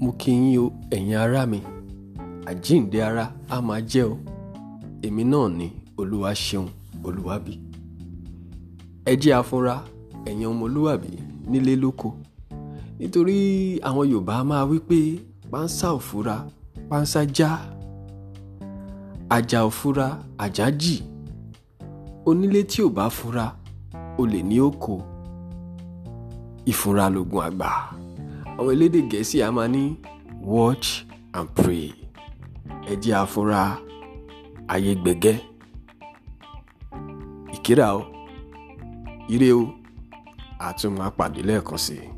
mo kí yín o ẹ̀yin ará mi àjíǹde ara á máa jẹ́ o èmi náà ni olúwa ṣeun olúwàbí ẹ jẹ́ afúnra ẹ̀yin ọmọlúwàbí nílé lóko nítorí àwọn yorùbá máa wí pé pánsá òfúra pánsá já àjà òfúra àjà jì onílé tí ò bá fura olè ní oko ìfúnra lògùn àgbà àwọn elédè gẹ̀ẹ́sì a máa ní watch and pray ẹ jẹ́ àfúrà ayé gbẹ̀gẹ́ ìkírà o ire o àtúnmọ̀ àpàdé lẹ́ẹ̀kan sí i.